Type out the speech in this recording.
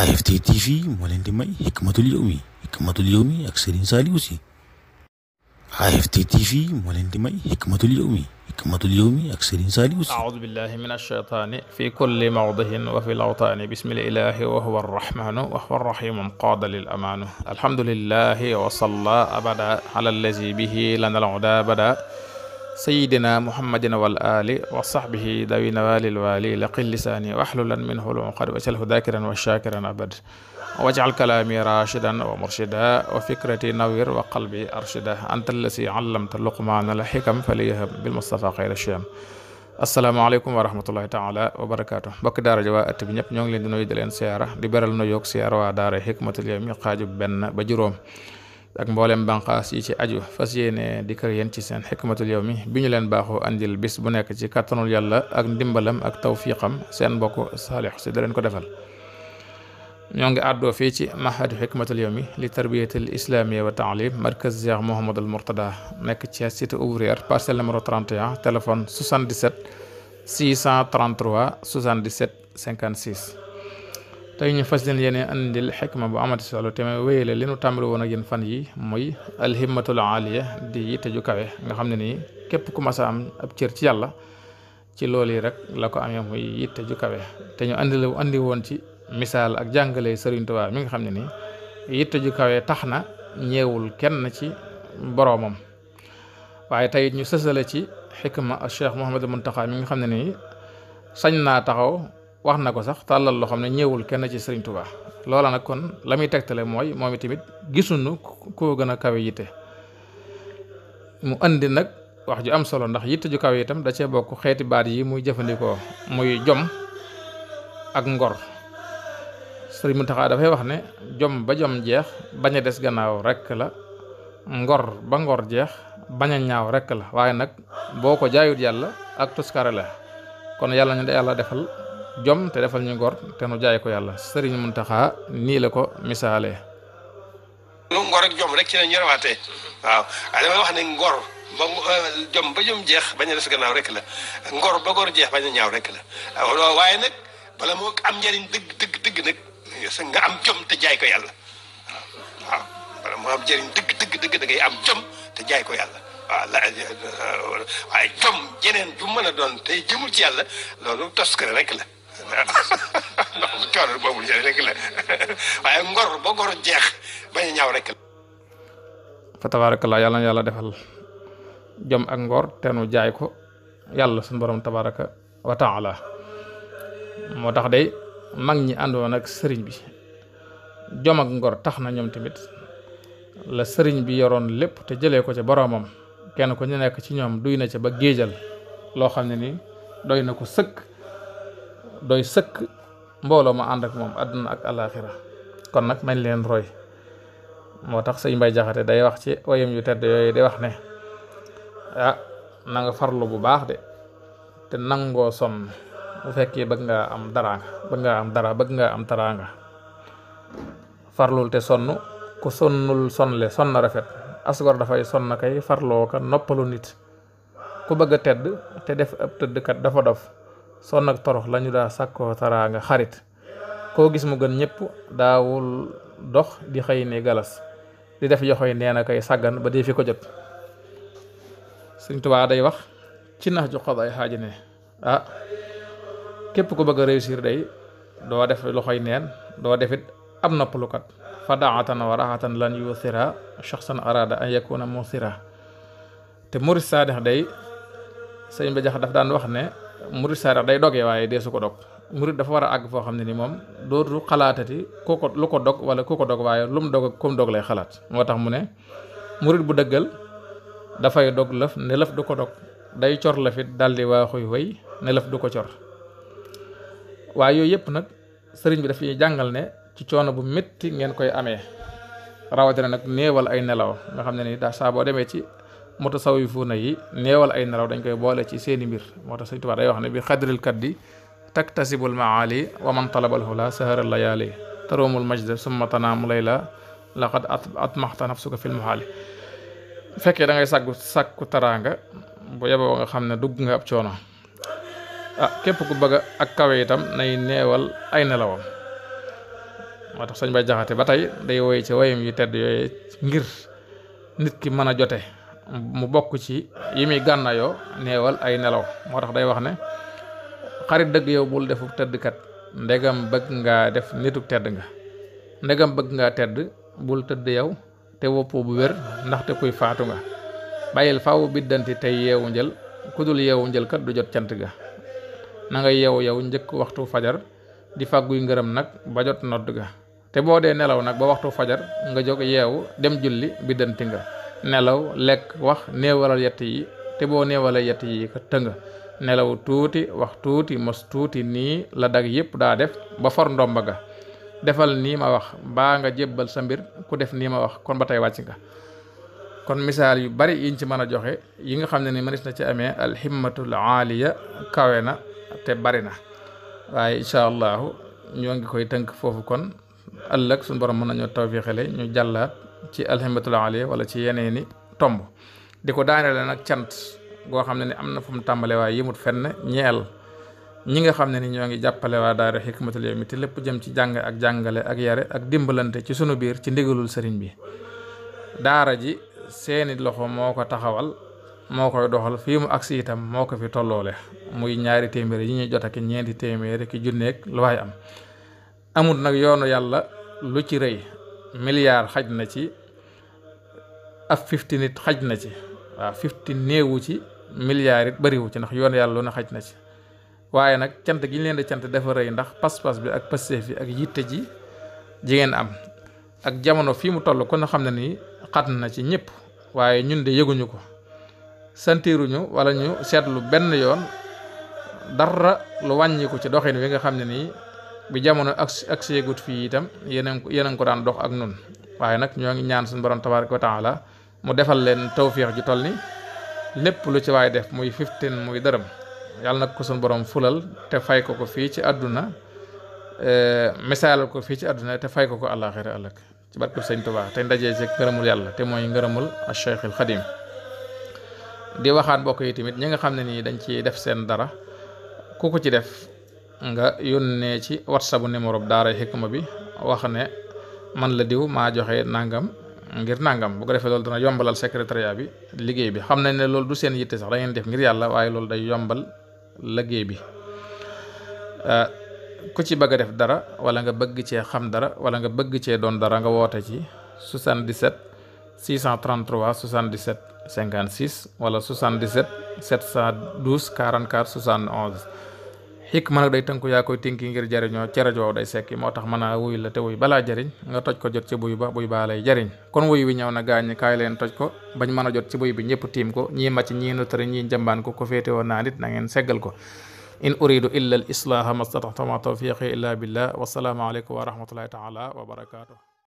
AFT TV moo leen di may Hikmatul Yawmi Hikmatul Yawmi ak Serigne Saliou Sy AFT TV moo leen di may Hikmatul Yawmi Hikmatul Yawmi ak Serigne Saliou Sy aoudu billahi min alcheytaani fi kulli mawdihin wa fi lawtaani bismillahi wa huwa arrahmanu wa huwa arrahimu qaada lil amaanu alhamdulillahi wa salla abada ala allazi bihi lana al-uda bada sayidina muhammadin wal ali wa sahbihi dawina walil wali laqil lisaani waxlulan minhu lunqad waj'alhu dakiran wa shakiran abad waj'al kalaami rashidan wa murshida wa fikrati nawir wa qalbi arshida anta allasi allamta luqmaana al xikam faliyahab bil mustafa xayra shiyam asalaamaaleykum wa rahmatullahi taala wa barakaatu mbokki daara ji waa at bi ñëpp ñoo ngi leen di nuyu di leen siyaara di beral nuyoog siyaara waa daara xikmatul yawmi xaaju benn ba juróom ak mbooleem banqaas yi ci aju fas yéene di kër yéen ci seen xikmatul mi bi ñu leen baaxoo andil bis bu nekk ci kàttanul yàlla ak ndimbalam ak tawfiqam seen mbokk saalix si da leen ko defal ñoo ngi àddoo fii ci mahadu xikmatul yawmi li tarbiyatil islamiyya wa taalim markaz Cheikh Mouhamadul Mourtada nekk ci cité ouvrière parcelle numéro 31 téléphone 77 633 77 56 tey ñu fas leen yéene andil xikma bu amati solo te may wéyale li nu tàmbali woon ak yéen fan yi muy alhimmatul aaliya di yitte ju kawe nga xam ne nii képp ku mas a am ab cër ci yàlla ci lool yi rek la ko amee muy yitte ju kawe te ñu andi la andi woon ci misaal ak jàngale Sëriñ Tuubaa mi nga xam ne nii yitte ju kawe tax na ñeewul kenn ci boroomam waaye tey ñu sësale ci xikma Cheikh Mouhamadul Muntaxa mi nga xam ne nii sañ naa taxaw wax na ko sax tàllal loo xam ne ñëwul kenn ci Sëriñ Tuubaa loola nag kon la muy tegtale mooy moom itamit gisuñu koo gën a kawe yitte mu indi nag wax ju am solo ndax yitte ju kawe itam da cee bokk xeeti baat yi muy jëfandikoo muy jom ak ngor Sëriñ Muntaxa dafay wax ne jom ba jom jeex bañ des gannaaw rekk la ngor ba ngor jeex bañ ñaaw rekk la waaye nag boo ko jaayut yàlla ak tuskare la kon yàlla ñu da yàlla defal jom te defal ñu ngor te nu jaay ko yàlla sëriñ Muntaxa nii la ko misaale lu ngor ak jom rek ci la ñu rawaatee waaw ah, dama wax ne ngor ba euh, jom ba jom jeex bañ a des gannaaw rek la ngor ba ngor jeex bañ a ñaaw rek la ah, waaye nag bala moo am njariñ dëgg dëgg dëgg nag nga am jom te jaay ko yàlla waaw bala moo dëgg dëgg dëgg am jom te jaay ko yàlla waaw waaye jom jeneen ju mën a doon tey jëmul ci yàlla loolu tos rek la waaw waaye ngor ba ngor jeex bañ a ñaaw la. fa tabaarakallaa yàlla na yàlla defal jom ak ngor te nu jaay ko yàlla suñ boroom tabaaraka wa taala moo tax day mag ñi àndoon ak sëriñ bi jom ak ngor tax na ñoom tamit la sëriñ bi yoroon lépp te jëlee ko ci boroomam kenn ku ñu nekk ci ñoom duy na ca ba géejal loo xam ne ni doy na ko sëkk. doy sëkk mbooloo ma ànd ak moom àdduna ak alaaxira kon nag nañ leen roy moo tax sëñ Mbay Jaxate day wax ci wayam yu tedd yooyu day wax ne ah na farlu bu baax de te nangoo son bu fekkee bëgg ngaa am daraanga bëgg ngaa am dara bëgg ngaa am taraanga farlul te sonn ku sonnul sonle sonna rafet asgor dafay sonn kay farloo ka noppalu nit ku bëgg a tedd te def ab tëddkat dafa dof sonn ak torox lañu daa sàkkoo nga xarit koo gis mu gën ñëpp daawul dox di xëy ne galas di def yoxoy nee na koy sàggan ba dee fi ko jot Sëriñ Tuubaa day wax ci nax ju xod ay xaaji ne ah képp ku bëgg a réussir day doo def loxoy neen doo defit am noppalukat fadaatan wa raxatan lan yusira shaxsan arada an yakuna musira te murid saadix day sëñ ba jax daf daan wax ne murid saara day doge waaye dee su ko dog murid dafa war a àgg foo xam ne ni moom dootu xalaatati ku ko lu ko dog wala ku ko dog waaye lu mu dog ak ku mu dog lay xalaat moo tax mu ne murid bu dëggal dafay dog lëf ne lëf du ko dog day cor la fit daldi waaxuy wëy ne lëf du ko cor waaye yooyu yëpp nag sëriñ bi dafay jàngal ne ci coono bu metti ngeen koy amee rawatina nag néewal ay nelaw nga xam ne ni daa saa demee ci moo na yi neewal ay nelaw dañ koy boole ci seeni mbir moo tax Sëñ Tuubaa day wax ne bi xadril kaddi taktasibul maali wa man talabal hula sahara layaali taroomul majda summa tanaamu layla laqad atmaxta nafsuka fil muhaali bu fekkee dangay ngay sàggu sàkku taraanga bu yeboo nga xam ne dugg nga ab coono ah képp ku bëgg ak kawe itam nay neewal ay nelawam moo tax sëñ ba Jaxate ba tey day woy ci woyam yu tedd yooyu ngir nit ki mën a jote mu bokk ci yi muy gànnaayoo neewal ay nelaw moo tax day wax ne xarit dëgg yow bul defu tëddkat ndegam bëgg ngaa def nituk tedd nga ndegam bëgg ngaa tedd bul tëdd yow te woppoo bu wér ndaxte kuy faatu nga bàyyil faaw biddanti tey yeewu njël ku dul yeewu njël kat du jot cant ga na nga yeewu yow njëkk waxtu fajar di fàgguy ngërëm nag ba jot nodd ga te boo dee nelaw nag ba waxtu fajar nga jóg yeewu dem julli biddanti nga nelaw lekk wax néewalal yett yi te boo néewalal yett yi ka tëng nelaw tuuti wax tuuti mos tuuti nii la dag yëpp daa def ba for ndomba ga defal nii ma wax baa nga jébbal sa mbir ku def nii ma wax kon ba tey wàcc nga kon misaal yu bari yiñ ci mën a joxe yi nga xam ne ni mënees na ci amee alhimmatul aaliya kawe na te bari na waaye incha allahu ñoo ngi koy tënk foofu kon ëllëg suñu borom mën nañoo tawfiixale ñu jàllaat ci alhimbatul aliya wala ci yeneeni tomb di ko daanele nag cant goo xam ne ni am na fu mu tàmbale waaye yëmut fenn ñeel ñi nga xam ne ni ñoo ngi jàppale waa daara xikmatul yawmi te lépp jëm ci jàng ak jàngale ak yare ak dimbalante ci sunu biir ci ndigalul sëriñ bi daara ji seeni loxo moo ko taxawal moo koy doxal fii mu agsi itam moo ko fi tolloole muy ñaari téeméeri yi ñuy jot ak ñeenti téeméeri ki junneeg lu waay am amut nag yoonu yàlla lu ci rëy milliard xaj na ci ab fifty xaj na ci waaw fifty néewu ci milliard it bariwu ci ndax yoon yàlla na xaj na ci waaye nag cant gi ñu leen di cant dafa rëy ndax pas-pas bi ak pasteef bi ak yitte ji ji ngeen am ak jamono fii mu toll kon xam ne nii xat na ci ñëpp waaye ñun de yëguñu ko santiruñu wala ñu seetlu benn yoon dara lu wàññiku ci doxin wi nga xam ne nii bi jamono ak ak seegut fii itam yeneen yeneen ko daan dox ak nun waaye nag ñoo ngi ñaan suñu borom tabaraka wa taala mu defal leen tawfiix ju toll ni lépp lu ci waay def muy fifteen muy dërëm yàlla nag ko suñu borom fulal te fay ko ko fii ci àdduna e, misaalal ko fii ci àdduna te fay ko ko àllaaxira ëllëg ci barkeb sëñ Tuubaa te ndajee ci ngërëmul yàlla te mooy ngërëmul Cheikhul Xadim di waxaat mbokk yi tamit ñi nga xam ne nii dañ ci def seen dara ku ci def nga yónnee ci whatsapp bu numéro daara xikma bi wax ne man la diw maa joxe nangam ngir nangam bu ko defee loolu dana yombalal secrétariat bi liggéey bi xam nañ ne loolu du seen yitte sax da ngeen def ngir yàlla waaye loolu day yombal liggéey bi eh, ku ci bëgg a def dara wala nga bëgg cee xam dara wala nga bëgg cee doon dara nga woote ci 77 633 77 56 wala 77 712 44 71 xik ma nag day tënku yaa koy tinki ngir jariñoo ci rajo day sekki moo tax mën a wuy la te wuy balaa jariñ nga toj ko jot ci buy ba buy baa lay jariñ kon wuy wi ñaw na gaañ kaay leen toj ko bañ mën a jot ci buy bi ñëpp tiim ko ñii màcc ñii notari ñii njambaan ko ko féete woon naa nit na ngeen seggal ko in uridu illa al islaaha mastataxtama tawfiqi illa billah wasalaamu aleykum wa rahmatullahi taala wa barakaatu